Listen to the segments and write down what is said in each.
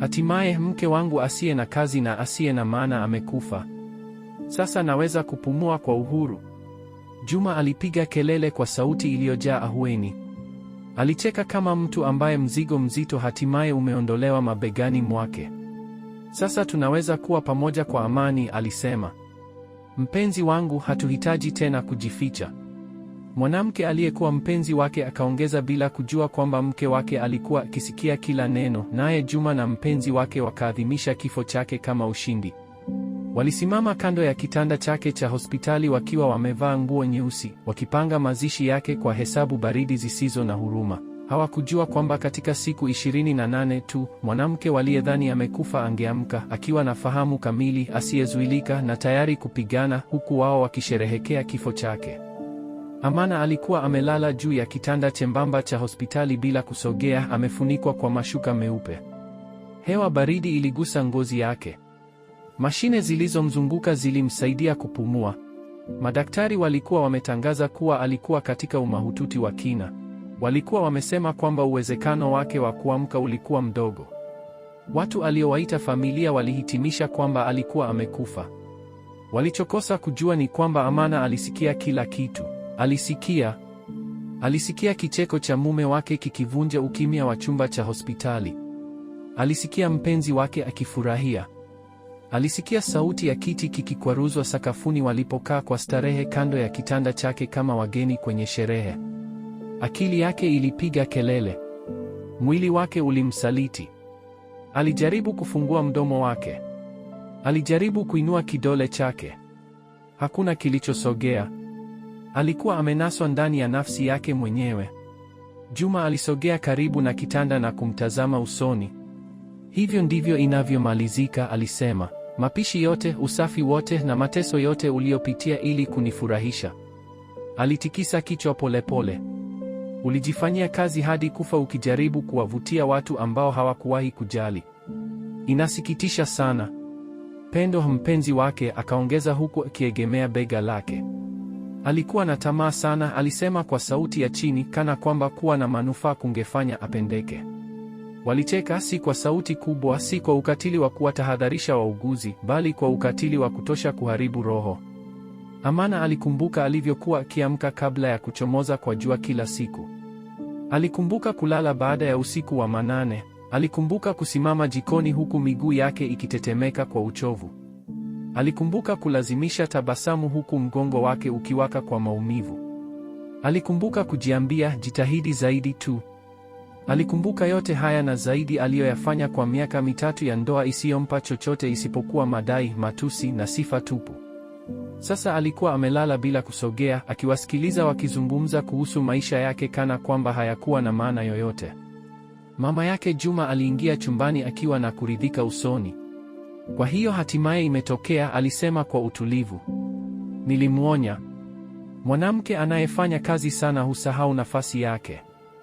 Hatimaye mke wangu asiye na kazi na asiye na maana amekufa. Sasa naweza kupumua kwa uhuru. Juma alipiga kelele kwa sauti iliyojaa ahueni. Alicheka kama mtu ambaye mzigo mzito hatimaye umeondolewa mabegani mwake. Sasa tunaweza kuwa pamoja kwa amani, alisema. Mpenzi wangu, hatuhitaji tena kujificha. Mwanamke aliyekuwa mpenzi wake akaongeza bila kujua kwamba mke wake alikuwa akisikia kila neno, naye Juma na mpenzi wake wakaadhimisha kifo chake kama ushindi. Walisimama kando ya kitanda chake cha hospitali wakiwa wamevaa nguo nyeusi, wakipanga mazishi yake kwa hesabu baridi zisizo na huruma. Hawakujua kwamba katika siku 28 tu, mwanamke waliyedhani amekufa angeamka akiwa na fahamu kamili, asiyezuilika na tayari kupigana, huku wao wakisherehekea kifo chake. Amana alikuwa amelala juu ya kitanda chembamba cha hospitali bila kusogea, amefunikwa kwa mashuka meupe. Hewa baridi iligusa ngozi yake. Mashine zilizomzunguka zilimsaidia kupumua. Madaktari walikuwa wametangaza kuwa alikuwa katika umahututi wa kina. Walikuwa wamesema kwamba uwezekano wake wa kuamka ulikuwa mdogo. Watu aliowaita familia walihitimisha kwamba alikuwa amekufa. Walichokosa kujua ni kwamba Amana alisikia kila kitu. Alisikia alisikia kicheko cha mume wake kikivunja ukimya wa chumba cha hospitali. Alisikia mpenzi wake akifurahia. Alisikia sauti ya kiti kikikwaruzwa sakafuni walipokaa kwa starehe kando ya kitanda chake kama wageni kwenye sherehe. Akili yake ilipiga kelele, mwili wake ulimsaliti. Alijaribu kufungua mdomo wake, alijaribu kuinua kidole chake, hakuna kilichosogea. Alikuwa amenaswa ndani ya nafsi yake mwenyewe. Juma alisogea karibu na kitanda na kumtazama usoni. Hivyo ndivyo inavyomalizika, alisema. Mapishi yote, usafi wote na mateso yote uliyopitia ili kunifurahisha. Alitikisa kichwa polepole. Ulijifanyia kazi hadi kufa ukijaribu kuwavutia watu ambao hawakuwahi kujali. Inasikitisha sana. Pendo, mpenzi wake, akaongeza huku akiegemea bega lake. Alikuwa na tamaa sana, alisema kwa sauti ya chini, kana kwamba kuwa na manufaa kungefanya apendeke. Walicheka, si kwa sauti kubwa, si kwa ukatili wa kuwatahadharisha wauguzi, bali kwa ukatili wa kutosha kuharibu roho. Amana alikumbuka alivyokuwa akiamka kabla ya kuchomoza kwa jua kila siku. Alikumbuka kulala baada ya usiku wa manane. Alikumbuka kusimama jikoni huku miguu yake ikitetemeka kwa uchovu. Alikumbuka kulazimisha tabasamu huku mgongo wake ukiwaka kwa maumivu. Alikumbuka kujiambia jitahidi zaidi tu. Alikumbuka yote haya na zaidi aliyoyafanya kwa miaka mitatu ya ndoa isiyompa chochote isipokuwa madai, matusi na sifa tupu. Sasa alikuwa amelala bila kusogea, akiwasikiliza wakizungumza kuhusu maisha yake kana kwamba hayakuwa na maana yoyote. Mama yake Juma aliingia chumbani akiwa na kuridhika usoni. Kwa hiyo hatimaye imetokea, alisema kwa utulivu. Nilimwonya. Mwanamke anayefanya kazi sana husahau nafasi yake.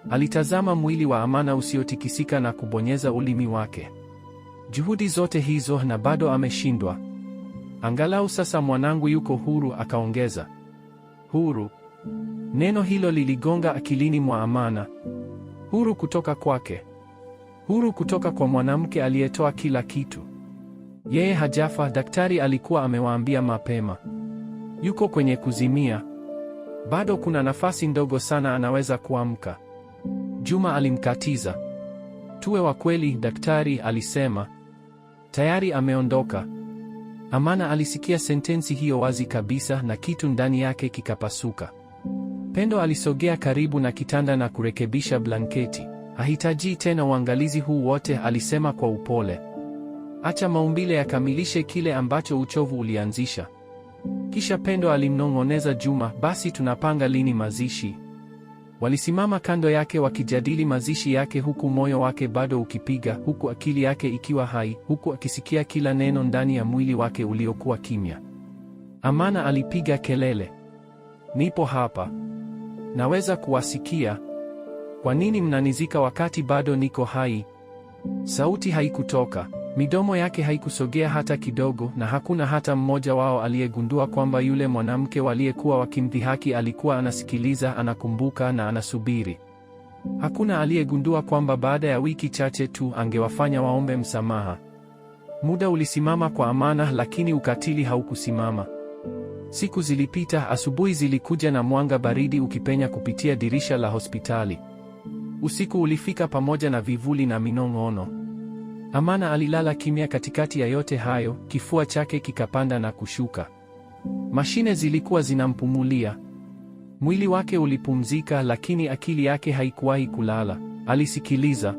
Alitazama mwili wa Amana usiotikisika na kubonyeza ulimi wake. Juhudi zote hizo na bado ameshindwa. Angalau sasa mwanangu yuko huru, akaongeza. Huru. Neno hilo liligonga akilini mwa Amana. Huru kutoka kwake. Huru kutoka kwa mwanamke aliyetoa kila kitu. Yeye hajafa, daktari alikuwa amewaambia mapema. Yuko kwenye kuzimia. Bado kuna nafasi ndogo sana anaweza kuamka. Juma alimkatiza. Tuwe wa kweli, daktari alisema. Tayari ameondoka. Amana alisikia sentensi hiyo wazi kabisa na kitu ndani yake kikapasuka. Pendo alisogea karibu na kitanda na kurekebisha blanketi. Hahitaji tena uangalizi huu wote, alisema kwa upole. Acha maumbile yakamilishe kile ambacho uchovu ulianzisha. Kisha Pendo alimnong'oneza Juma, basi tunapanga lini mazishi? Walisimama kando yake wakijadili mazishi yake huku moyo wake bado ukipiga, huku akili yake ikiwa hai, huku akisikia kila neno ndani ya mwili wake uliokuwa kimya. Amana alipiga kelele. Nipo hapa. Naweza kuwasikia. Kwa nini mnanizika wakati bado niko hai? Sauti haikutoka. Midomo yake haikusogea hata kidogo, na hakuna hata mmoja wao aliyegundua kwamba yule mwanamke waliyekuwa wakimdhihaki alikuwa anasikiliza, anakumbuka na anasubiri. Hakuna aliyegundua kwamba baada ya wiki chache tu angewafanya waombe msamaha. Muda ulisimama kwa amana, lakini ukatili haukusimama. Siku zilipita, asubuhi zilikuja na mwanga baridi ukipenya kupitia dirisha la hospitali. Usiku ulifika pamoja na vivuli na minong'ono. Amana alilala kimya katikati ya yote hayo, kifua chake kikapanda na kushuka. Mashine zilikuwa zinampumulia. Mwili wake ulipumzika, lakini akili yake haikuwahi kulala. Alisikiliza.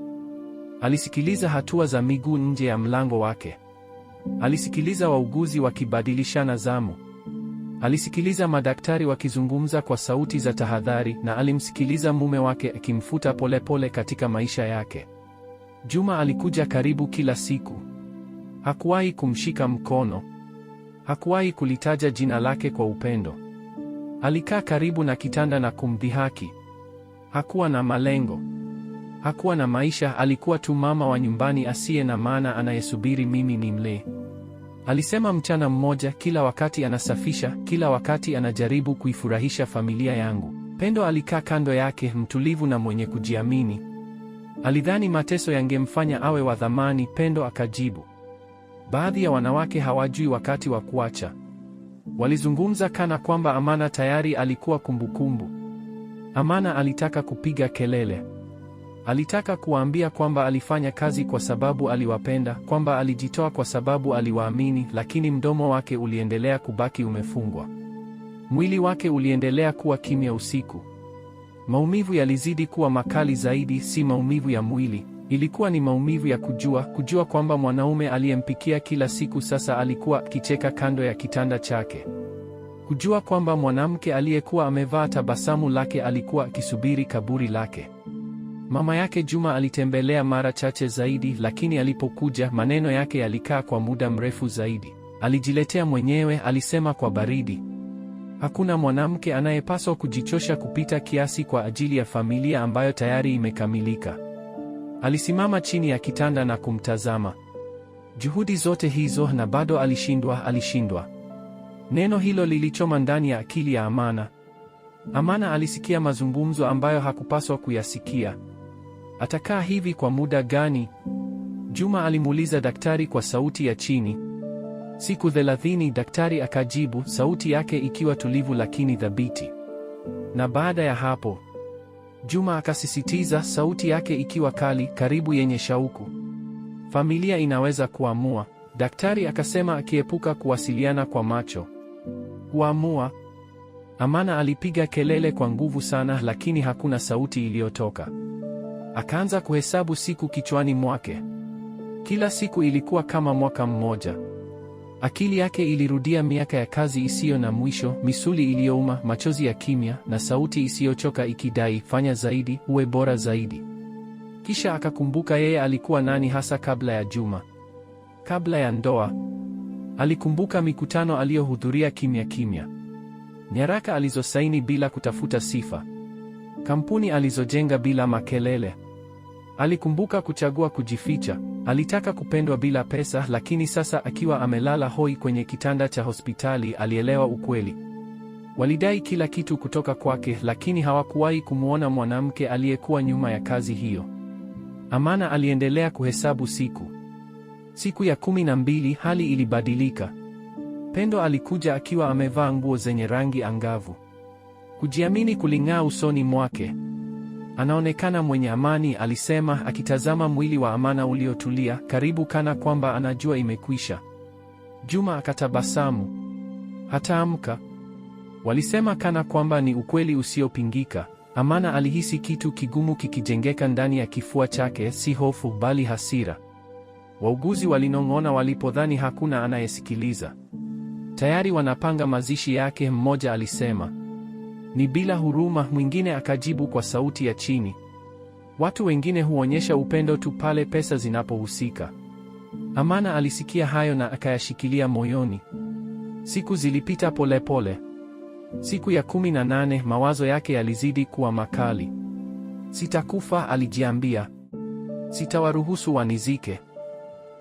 Alisikiliza hatua za miguu nje ya mlango wake. Alisikiliza wauguzi wakibadilishana zamu. Alisikiliza madaktari wakizungumza kwa sauti za tahadhari na alimsikiliza mume wake akimfuta polepole katika maisha yake. Juma alikuja karibu kila siku. Hakuwahi kumshika mkono. Hakuwahi kulitaja jina lake kwa upendo. Alikaa karibu na kitanda na kumdhihaki. Hakuwa na malengo. Hakuwa na maisha, alikuwa tu mama wa nyumbani asiye na maana anayesubiri mimi nimlee. Alisema mchana mmoja, kila wakati anasafisha, kila wakati anajaribu kuifurahisha familia yangu. Pendo alikaa kando yake, mtulivu na mwenye kujiamini. Alidhani mateso yangemfanya awe wa dhamani, Pendo akajibu, baadhi ya wanawake hawajui wakati wa kuacha. Walizungumza kana kwamba Amana tayari alikuwa kumbukumbu. Amana alitaka kupiga kelele. Alitaka kuwaambia kwamba alifanya kazi kwa sababu aliwapenda, kwamba alijitoa kwa sababu aliwaamini, lakini mdomo wake uliendelea kubaki umefungwa. Mwili wake uliendelea kuwa kimya usiku. Maumivu yalizidi kuwa makali zaidi, si maumivu ya mwili, ilikuwa ni maumivu ya kujua, kujua kwamba mwanaume aliyempikia kila siku sasa alikuwa akicheka kando ya kitanda chake. Kujua kwamba mwanamke aliyekuwa amevaa tabasamu lake alikuwa akisubiri kaburi lake. Mama yake Juma alitembelea mara chache zaidi, lakini alipokuja, maneno yake yalikaa kwa muda mrefu zaidi. Alijiletea mwenyewe, alisema kwa baridi. Hakuna mwanamke anayepaswa kujichosha kupita kiasi kwa ajili ya familia ambayo tayari imekamilika. Alisimama chini ya kitanda na kumtazama. Juhudi zote hizo na bado alishindwa, alishindwa. Neno hilo lilichoma ndani ya akili ya Amana. Amana alisikia mazungumzo ambayo hakupaswa kuyasikia. Atakaa hivi kwa muda gani? Juma alimuuliza daktari kwa sauti ya chini. Siku thelathini, daktari akajibu, sauti yake ikiwa tulivu lakini thabiti. Na baada ya hapo, Juma akasisitiza, sauti yake ikiwa kali, karibu yenye shauku. Familia inaweza kuamua, daktari akasema, akiepuka kuwasiliana kwa macho. Kuamua? Amana alipiga kelele kwa nguvu sana, lakini hakuna sauti iliyotoka. Akaanza kuhesabu siku kichwani mwake. Kila siku ilikuwa kama mwaka mmoja. Akili yake ilirudia miaka ya kazi isiyo na mwisho, misuli iliyouma, machozi ya kimya, na sauti isiyochoka ikidai, fanya zaidi, uwe bora zaidi. Kisha akakumbuka yeye alikuwa nani hasa kabla ya Juma, kabla ya ndoa. Alikumbuka mikutano aliyohudhuria kimya kimya, nyaraka alizosaini bila kutafuta sifa, kampuni alizojenga bila makelele. Alikumbuka kuchagua kujificha. Alitaka kupendwa bila pesa, lakini sasa akiwa amelala hoi kwenye kitanda cha hospitali alielewa ukweli. Walidai kila kitu kutoka kwake, lakini hawakuwahi kumwona mwanamke aliyekuwa nyuma ya kazi hiyo. Amana aliendelea kuhesabu siku. Siku ya kumi na mbili hali ilibadilika. Pendo alikuja akiwa amevaa nguo zenye rangi angavu. Kujiamini kuling'aa usoni mwake. Anaonekana mwenye amani, alisema akitazama mwili wa Amana uliotulia karibu, kana kwamba anajua imekwisha. Juma akatabasamu. Hataamka, walisema, kana kwamba ni ukweli usiopingika. Amana alihisi kitu kigumu kikijengeka ndani ya kifua chake, si hofu bali hasira. Wauguzi walinong'ona walipodhani hakuna anayesikiliza. Tayari wanapanga mazishi yake, mmoja alisema. Ni bila huruma, mwingine akajibu kwa sauti ya chini. Watu wengine huonyesha upendo tu pale pesa zinapohusika. Amana alisikia hayo na akayashikilia moyoni. Siku zilipita polepole pole. Siku ya kumi na nane mawazo yake yalizidi kuwa makali. Sitakufa, alijiambia. Sitawaruhusu wanizike.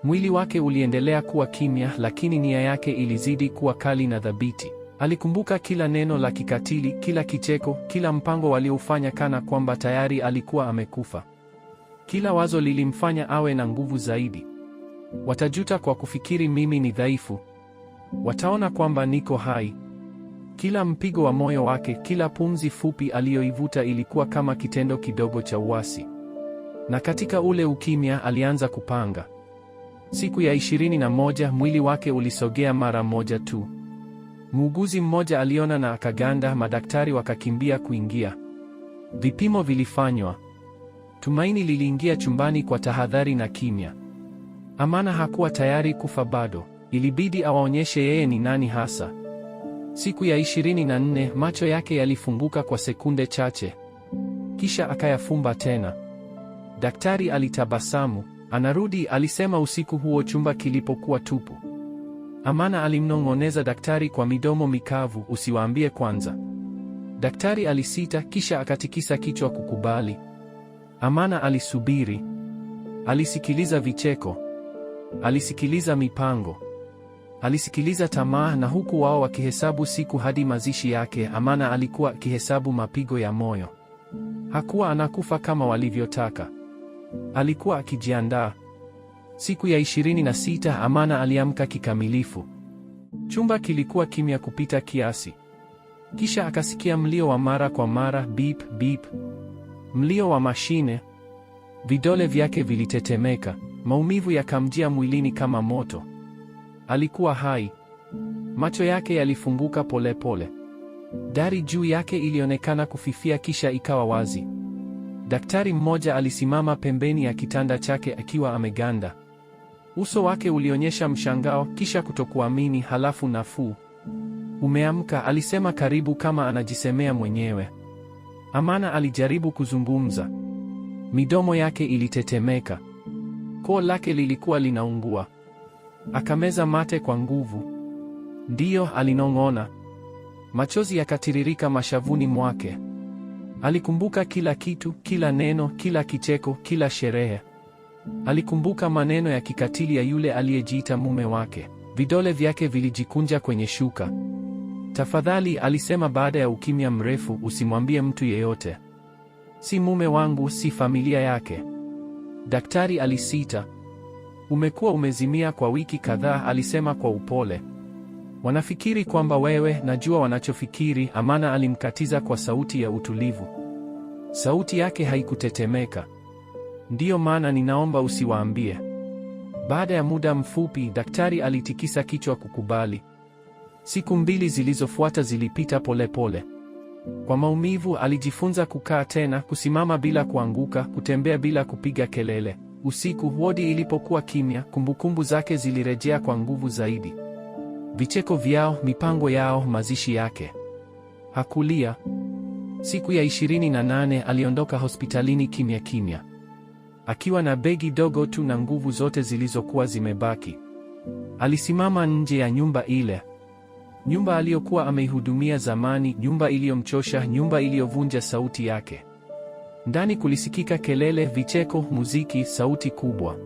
Mwili wake uliendelea kuwa kimya, lakini nia yake ilizidi kuwa kali na dhabiti Alikumbuka kila neno la kikatili, kila kicheko, kila mpango walioufanya kana kwamba tayari alikuwa amekufa. Kila wazo lilimfanya awe na nguvu zaidi. Watajuta kwa kufikiri mimi ni dhaifu. Wataona kwamba niko hai. Kila mpigo wa moyo wake, kila pumzi fupi aliyoivuta ilikuwa kama kitendo kidogo cha uasi. Na katika ule ukimya alianza kupanga. Siku ya ishirini na moja mwili wake ulisogea mara moja tu. Muuguzi mmoja aliona na akaganda, madaktari wakakimbia kuingia. Vipimo vilifanywa. Tumaini liliingia chumbani kwa tahadhari na kimya. Amana hakuwa tayari kufa bado, ilibidi awaonyeshe yeye ni nani hasa. Siku ya ishirini na nne macho yake yalifunguka kwa sekunde chache, kisha akayafumba tena. Daktari alitabasamu. Anarudi, alisema usiku huo chumba kilipokuwa tupu. Amana alimnong'oneza daktari kwa midomo mikavu, usiwaambie kwanza. Daktari alisita, kisha akatikisa kichwa kukubali. Amana alisubiri, alisikiliza vicheko, alisikiliza mipango, alisikiliza tamaa, na huku wao wakihesabu siku hadi mazishi yake, Amana alikuwa akihesabu mapigo ya moyo. Hakuwa anakufa kama walivyotaka, alikuwa akijiandaa. Siku ya 26 Amana aliamka kikamilifu. Chumba kilikuwa kimya kupita kiasi. Kisha akasikia mlio wa mara kwa mara, beep beep, mlio wa mashine. Vidole vyake vilitetemeka, maumivu yakamjia mwilini kama moto. Alikuwa hai. Macho yake yalifunguka polepole. Dari juu yake ilionekana kufifia, kisha ikawa wazi. Daktari mmoja alisimama pembeni ya kitanda chake akiwa ameganda. Uso wake ulionyesha mshangao, kisha kutokuamini, halafu nafuu. Umeamka, alisema karibu kama anajisemea mwenyewe. Amana alijaribu kuzungumza, midomo yake ilitetemeka, koo lake lilikuwa linaungua. Akameza mate kwa nguvu. Ndiyo, alinong'ona, machozi yakatiririka mashavuni mwake. Alikumbuka kila kitu, kila neno, kila kicheko, kila sherehe. Alikumbuka maneno ya kikatili ya yule aliyejiita mume wake. Vidole vyake vilijikunja kwenye shuka. Tafadhali, alisema baada ya ukimya mrefu, usimwambie mtu yeyote. Si mume wangu, si familia yake. Daktari alisita. Umekuwa umezimia kwa wiki kadhaa, alisema kwa upole. Wanafikiri kwamba wewe, najua wanachofikiri, Amana alimkatiza kwa sauti ya utulivu. Sauti yake haikutetemeka. Ndiyo maana ninaomba usiwaambie. Baada ya muda mfupi, daktari alitikisa kichwa kukubali. Siku mbili zilizofuata zilipita polepole pole. Kwa maumivu alijifunza kukaa tena, kusimama bila kuanguka, kutembea bila kupiga kelele. Usiku wodi ilipokuwa kimya, kumbukumbu zake zilirejea kwa nguvu zaidi. Vicheko vyao, mipango yao, mazishi yake. Hakulia. Siku ya 28 aliondoka hospitalini kimya kimya akiwa na begi dogo tu na nguvu zote zilizokuwa zimebaki. Alisimama nje ya nyumba ile, nyumba aliyokuwa ameihudumia zamani, nyumba iliyomchosha, nyumba iliyovunja sauti yake. Ndani kulisikika kelele, vicheko, muziki, sauti kubwa.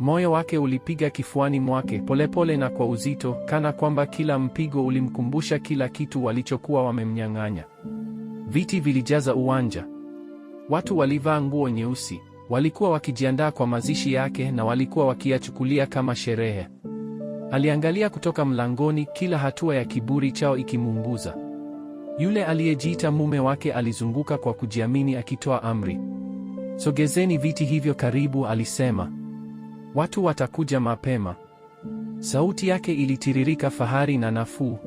Moyo wake ulipiga kifuani mwake polepole na kwa uzito, kana kwamba kila mpigo ulimkumbusha kila kitu walichokuwa wamemnyang'anya. Viti vilijaza uwanja, watu walivaa nguo nyeusi. Walikuwa wakijiandaa kwa mazishi yake na walikuwa wakiyachukulia kama sherehe. Aliangalia kutoka mlangoni, kila hatua ya kiburi chao ikimuunguza. Yule aliyejiita mume wake alizunguka kwa kujiamini akitoa amri. Sogezeni viti hivyo karibu, alisema. Watu watakuja mapema. Sauti yake ilitiririka fahari na nafuu.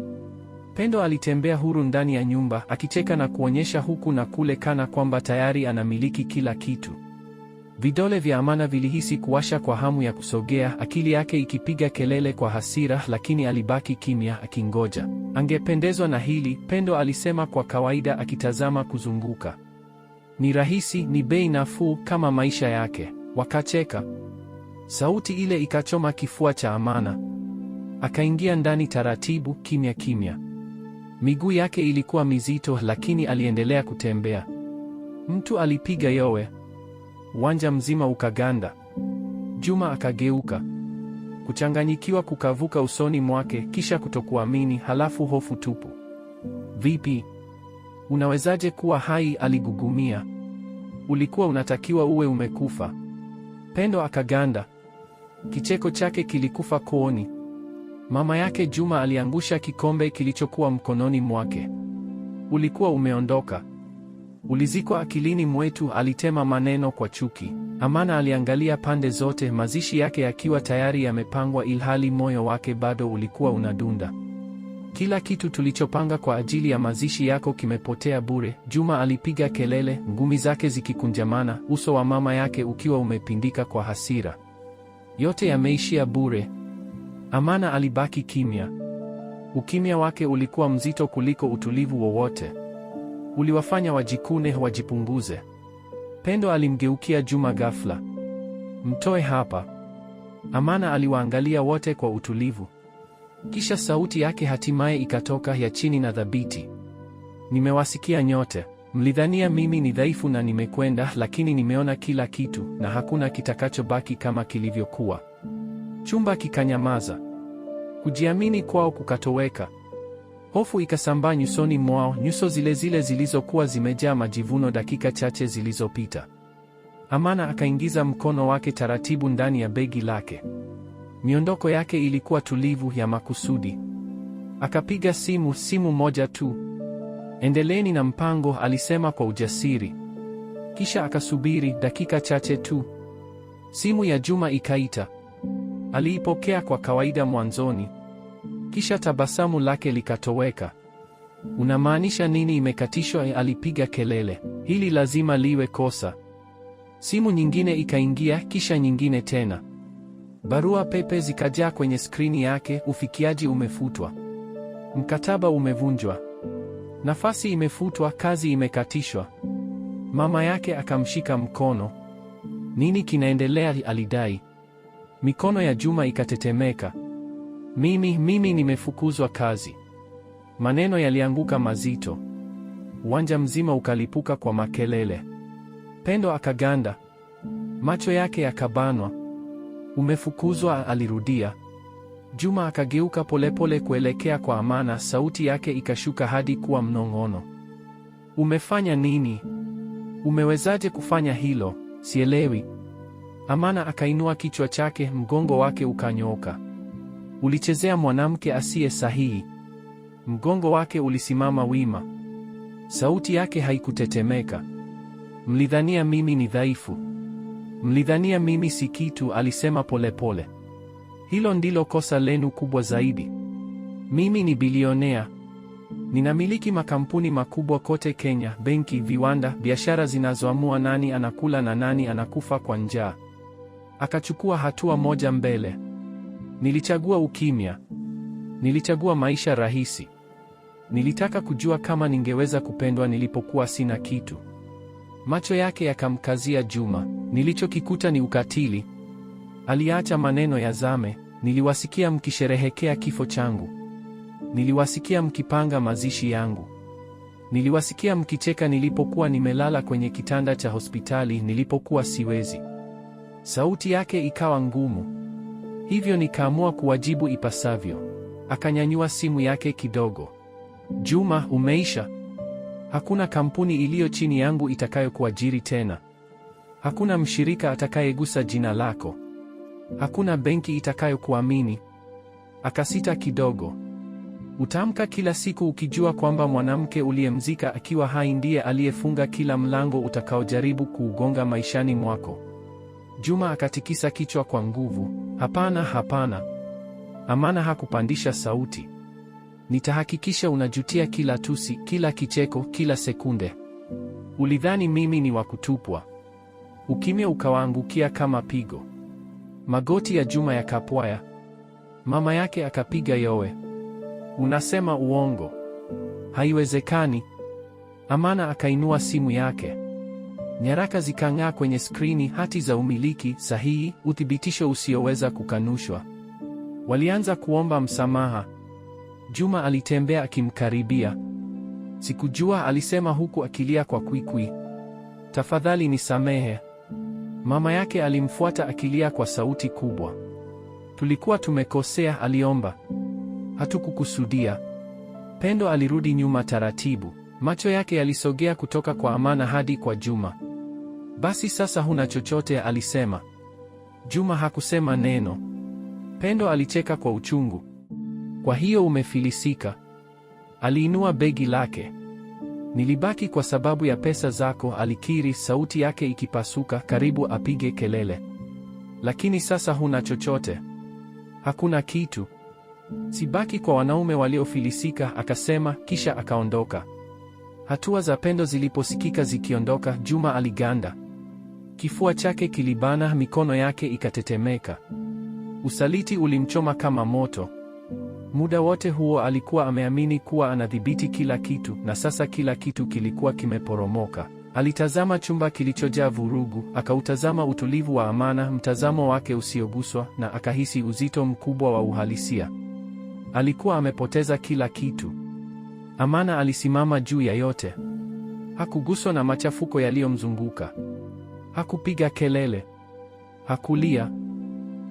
Pendo alitembea huru ndani ya nyumba akicheka na kuonyesha huku na kule kana kwamba tayari anamiliki kila kitu. Vidole vya Amana vilihisi kuwasha kwa hamu ya kusogea, akili yake ikipiga kelele kwa hasira, lakini alibaki kimya akingoja. Angependezwa na hili, Pendo alisema kwa kawaida, akitazama kuzunguka. Ni rahisi, ni bei nafuu kama maisha yake. Wakacheka. Sauti ile ikachoma kifua cha Amana. Akaingia ndani taratibu, kimya kimya. Miguu yake ilikuwa mizito, lakini aliendelea kutembea. Mtu alipiga yowe. Uwanja mzima ukaganda. Juma akageuka. Kuchanganyikiwa kukavuka usoni mwake, kisha kutokuamini, halafu hofu tupu. Vipi? Unawezaje kuwa hai? Aligugumia. Ulikuwa unatakiwa uwe umekufa. Pendo akaganda. Kicheko chake kilikufa kooni. Mama yake Juma aliangusha kikombe kilichokuwa mkononi mwake. Ulikuwa umeondoka ulizikwa akilini mwetu, alitema maneno kwa chuki. Amana aliangalia pande zote, mazishi yake yakiwa tayari yamepangwa, ilhali moyo wake bado ulikuwa unadunda. Kila kitu tulichopanga kwa ajili ya mazishi yako kimepotea bure, Juma alipiga kelele, ngumi zake zikikunjamana, uso wa mama yake ukiwa umepindika kwa hasira. Yote yameishia bure. Amana alibaki kimya. Ukimya wake ulikuwa mzito kuliko utulivu wowote uliwafanya wajikune, wajipunguze. Pendo alimgeukia Juma ghafla. Mtoe hapa. Amana aliwaangalia wote kwa utulivu, kisha sauti yake hatimaye ikatoka ya chini na dhabiti Nimewasikia nyote. Mlidhania mimi ni dhaifu na nimekwenda, lakini nimeona kila kitu na hakuna kitakachobaki kama kilivyokuwa. Chumba kikanyamaza. Kujiamini kwao kukatoweka. Hofu ikasambaa nyusoni mwao, nyuso zile zile zilizokuwa zimejaa majivuno dakika chache zilizopita. Amana akaingiza mkono wake taratibu ndani ya begi lake. Miondoko yake ilikuwa tulivu ya makusudi. Akapiga simu, simu moja tu. Endeleeni na mpango, alisema kwa ujasiri. Kisha akasubiri dakika chache tu. Simu ya Juma ikaita. Aliipokea kwa kawaida mwanzoni. Kisha tabasamu lake likatoweka. Unamaanisha nini imekatishwa? E, alipiga kelele. Hili lazima liwe kosa. Simu nyingine ikaingia, kisha nyingine tena. Barua pepe zikajaa kwenye skrini yake. Ufikiaji umefutwa, mkataba umevunjwa, nafasi imefutwa, kazi imekatishwa. Mama yake akamshika mkono. Nini kinaendelea? Alidai. Mikono ya Juma ikatetemeka. Mimi, mimi nimefukuzwa kazi. Maneno yalianguka mazito. Uwanja mzima ukalipuka kwa makelele. Pendo akaganda. Macho yake yakabanwa. Umefukuzwa? alirudia. Juma akageuka polepole kuelekea kwa Amana, sauti yake ikashuka hadi kuwa mnong'ono. Umefanya nini? Umewezaje kufanya hilo? Sielewi. Amana akainua kichwa chake, mgongo wake ukanyooka. Ulichezea mwanamke asiye sahihi. Mgongo wake ulisimama wima, sauti yake haikutetemeka. Mlidhania mimi ni dhaifu, mlidhania mimi si kitu, alisema polepole pole. Hilo ndilo kosa lenu kubwa zaidi. Mimi ni bilionea, ninamiliki makampuni makubwa kote Kenya, benki, viwanda, biashara zinazoamua nani anakula na nani anakufa kwa njaa. Akachukua hatua moja mbele. Nilichagua ukimya. Nilichagua maisha rahisi. Nilitaka kujua kama ningeweza kupendwa nilipokuwa sina kitu. Macho yake yakamkazia Juma. Nilichokikuta ni ukatili. Aliacha maneno ya zame Niliwasikia mkisherehekea kifo changu. Niliwasikia mkipanga mazishi yangu. Niliwasikia mkicheka nilipokuwa nimelala kwenye kitanda cha hospitali nilipokuwa siwezi. Sauti yake ikawa ngumu. Hivyo nikaamua kuwajibu ipasavyo. Akanyanyua simu yake kidogo. Juma, umeisha. Hakuna kampuni iliyo chini yangu itakayokuajiri tena. Hakuna mshirika atakayegusa jina lako. Hakuna benki itakayokuamini. Akasita kidogo. Utaamka kila siku ukijua kwamba mwanamke uliyemzika akiwa hai ndiye aliyefunga kila mlango utakaojaribu kuugonga maishani mwako. Juma akatikisa kichwa kwa nguvu. Hapana, hapana. Amana hakupandisha sauti. Nitahakikisha unajutia kila tusi, kila kicheko, kila sekunde. Ulidhani mimi ni wa kutupwa. Ukimya ukawaangukia kama pigo. Magoti ya Juma yakapwaya. Mama yake akapiga yowe. Unasema uongo. Haiwezekani. Amana akainua simu yake. Nyaraka zikang'aa kwenye skrini, hati za umiliki, sahihi, uthibitisho usioweza kukanushwa. Walianza kuomba msamaha. Juma alitembea akimkaribia. Sikujua, alisema huku akilia kwa kwikwi. Tafadhali nisamehe. Mama yake alimfuata akilia kwa sauti kubwa. Tulikuwa tumekosea, aliomba. Hatukukusudia. Pendo alirudi nyuma taratibu. Macho yake yalisogea kutoka kwa Amana hadi kwa Juma. Basi sasa huna chochote, alisema. Juma hakusema neno. Pendo alicheka kwa uchungu. Kwa hiyo umefilisika. Aliinua begi lake. Nilibaki kwa sababu ya pesa zako, alikiri, sauti yake ikipasuka karibu apige kelele. Lakini sasa huna chochote. Hakuna kitu. Sibaki kwa wanaume waliofilisika, akasema kisha akaondoka. Hatua za Pendo ziliposikika zikiondoka, Juma aliganda. Kifua chake kilibana, mikono yake ikatetemeka. Usaliti ulimchoma kama moto. Muda wote huo alikuwa ameamini kuwa anadhibiti kila kitu, na sasa kila kitu kilikuwa kimeporomoka. Alitazama chumba kilichojaa vurugu, akautazama utulivu wa Amana, mtazamo wake usioguswa, na akahisi uzito mkubwa wa uhalisia. Alikuwa amepoteza kila kitu. Amana alisimama juu ya yote, hakuguswa na machafuko yaliyomzunguka. Hakupiga kelele, hakulia.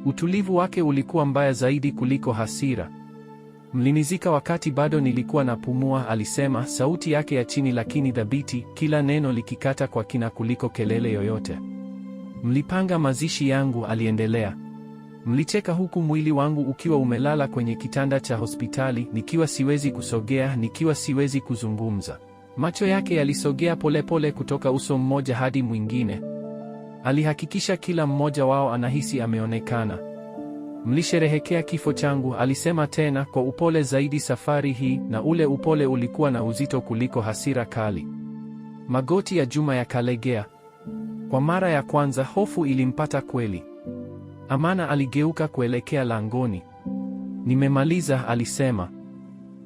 Utulivu wake ulikuwa mbaya zaidi kuliko hasira. Mlinizika wakati bado nilikuwa napumua, alisema, sauti yake ya chini lakini dhabiti kila neno likikata kwa kina kuliko kelele yoyote. Mlipanga mazishi yangu, aliendelea. Mlicheka huku mwili wangu ukiwa umelala kwenye kitanda cha hospitali, nikiwa siwezi kusogea, nikiwa siwezi kuzungumza. Macho yake yalisogea polepole kutoka uso mmoja hadi mwingine, Alihakikisha kila mmoja wao anahisi ameonekana. Mlisherehekea kifo changu, alisema tena kwa upole zaidi safari hii, na ule upole ulikuwa na uzito kuliko hasira kali. Magoti ya Juma yakalegea. Kwa mara ya kwanza hofu ilimpata kweli. Amana aligeuka kuelekea langoni. Nimemaliza, alisema.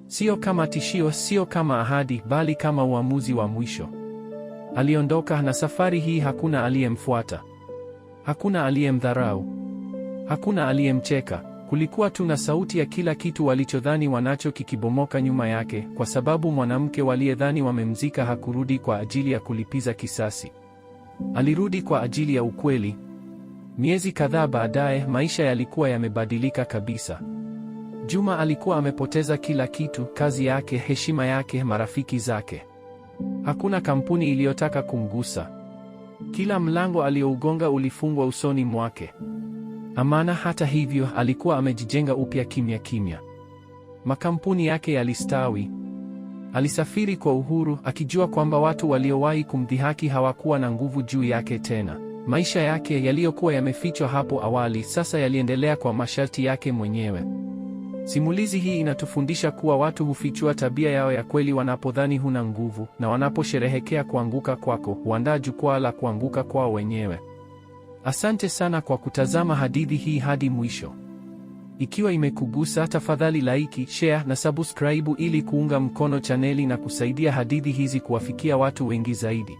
Sio kama tishio, sio kama ahadi, bali kama uamuzi wa mwisho. Aliondoka na safari hii hakuna aliyemfuata. Hakuna aliyemdharau. Hakuna aliyemcheka. Kulikuwa tu na sauti ya kila kitu walichodhani wanacho kikibomoka nyuma yake, kwa sababu mwanamke waliyedhani wamemzika hakurudi kwa ajili ya kulipiza kisasi. Alirudi kwa ajili ya ukweli. Miezi kadhaa baadaye, maisha yalikuwa yamebadilika kabisa. Juma alikuwa amepoteza kila kitu, kazi yake, heshima yake, marafiki zake. Hakuna kampuni iliyotaka kumgusa. Kila mlango aliyougonga ulifungwa usoni mwake. Amana, hata hivyo, alikuwa amejijenga upya kimya kimya. Makampuni yake yalistawi. Alisafiri kwa uhuru, akijua kwamba watu waliowahi kumdhihaki hawakuwa na nguvu juu yake tena. Maisha yake yaliyokuwa yamefichwa hapo awali sasa yaliendelea kwa masharti yake mwenyewe. Simulizi hii inatufundisha kuwa watu hufichua tabia yao ya kweli wanapodhani huna nguvu, na wanaposherehekea kuanguka kwako huandaa jukwaa la kuanguka kwao wenyewe. Asante sana kwa kutazama hadithi hii hadi mwisho. Ikiwa imekugusa, tafadhali laiki, share na subscribe ili kuunga mkono chaneli na kusaidia hadithi hizi kuwafikia watu wengi zaidi.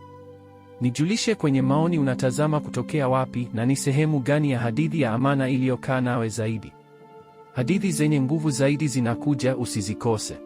Nijulishe kwenye maoni unatazama kutokea wapi na ni sehemu gani ya hadithi ya Amana iliyokaa nawe zaidi. Hadithi zenye nguvu zaidi zinakuja, usizikose.